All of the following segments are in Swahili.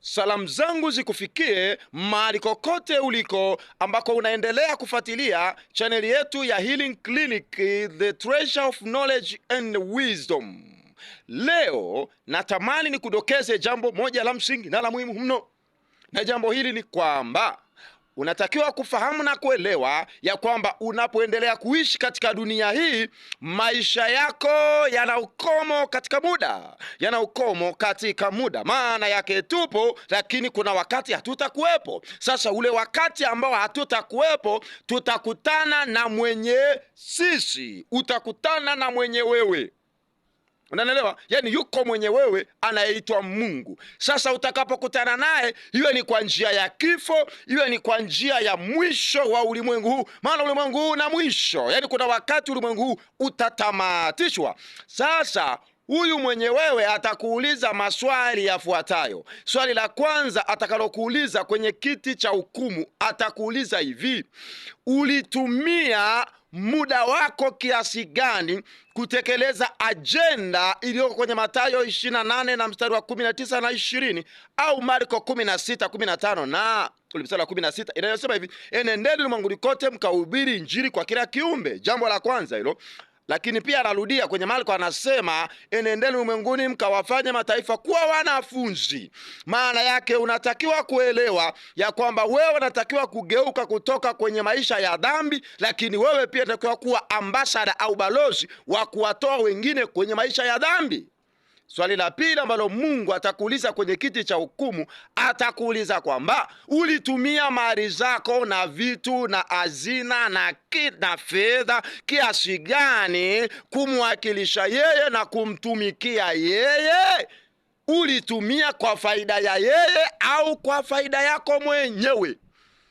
Salamu zangu zikufikie mahali kokote uliko ambako unaendelea kufuatilia chaneli yetu ya Healing Clinic, the treasure of knowledge and wisdom. Leo natamani nikudokeze jambo moja la msingi na la muhimu mno, na jambo hili ni kwamba unatakiwa kufahamu na kuelewa ya kwamba unapoendelea kuishi katika dunia hii, maisha yako yana ukomo katika muda, yana ukomo katika muda. Maana yake tupo, lakini kuna wakati hatutakuwepo. Sasa ule wakati ambao hatutakuwepo, tutakutana na mwenye sisi, utakutana na mwenye wewe. Unanielewa? Yaani yuko mwenye wewe anayeitwa Mungu. Sasa utakapokutana naye, iwe ni kwa njia ya kifo, iwe ni kwa njia ya mwisho wa ulimwengu huu, maana ulimwengu huu na mwisho, yaani kuna wakati ulimwengu huu utatamatishwa. Sasa huyu mwenye wewe atakuuliza maswali yafuatayo. Swali la kwanza atakalokuuliza kwenye kiti cha hukumu, atakuuliza hivi, ulitumia muda wako kiasi gani kutekeleza ajenda iliyoko kwenye Mathayo 28 na mstari wa 19 na 20 au Marko 16 15 na mstari wa 16 inayosema hivi, enendeni ulimwenguni kote mkahubiri Injili kwa kila kiumbe. Jambo la kwanza hilo lakini pia anarudia kwenye Marko, anasema enendeni ulimwenguni mkawafanye mataifa kuwa wanafunzi. Maana yake unatakiwa kuelewa ya kwamba wewe unatakiwa kugeuka kutoka kwenye maisha ya dhambi, lakini wewe pia unatakiwa kuwa ambasada au balozi wa kuwatoa wengine kwenye maisha ya dhambi. Swali la pili ambalo Mungu atakuuliza kwenye kiti cha hukumu, atakuuliza kwamba ulitumia mali zako na vitu na hazina na, na fedha kiasi gani kumwakilisha yeye na kumtumikia yeye? Ulitumia kwa faida ya yeye au kwa faida yako mwenyewe?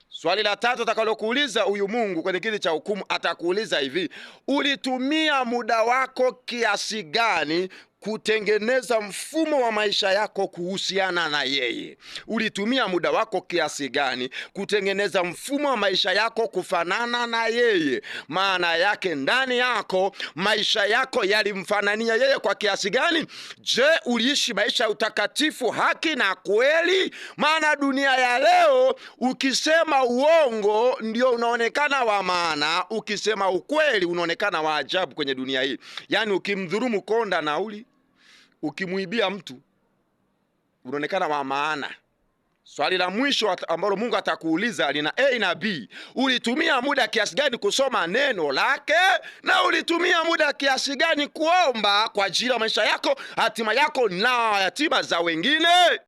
Swali la tatu atakalokuuliza huyu Mungu kwenye kiti cha hukumu, atakuuliza hivi: ulitumia muda wako kiasi gani kutengeneza mfumo wa maisha yako kuhusiana na yeye. Ulitumia muda wako kiasi gani kutengeneza mfumo wa maisha yako kufanana na yeye? Maana yake ndani yako maisha yako yalimfanania yeye kwa kiasi gani? Je, uliishi maisha ya utakatifu, haki na kweli? Maana dunia ya leo, ukisema uongo ndio unaonekana wa maana, ukisema ukweli unaonekana wa ajabu kwenye dunia hii. Yaani ukimdhurumu konda nauli ukimwibia mtu unaonekana wa maana. Swali la mwisho ambalo Mungu atakuuliza lina A na B. Ulitumia muda kiasi gani kusoma neno lake, na ulitumia muda kiasi gani kuomba kwa ajili ya maisha yako, hatima yako na hatima za wengine?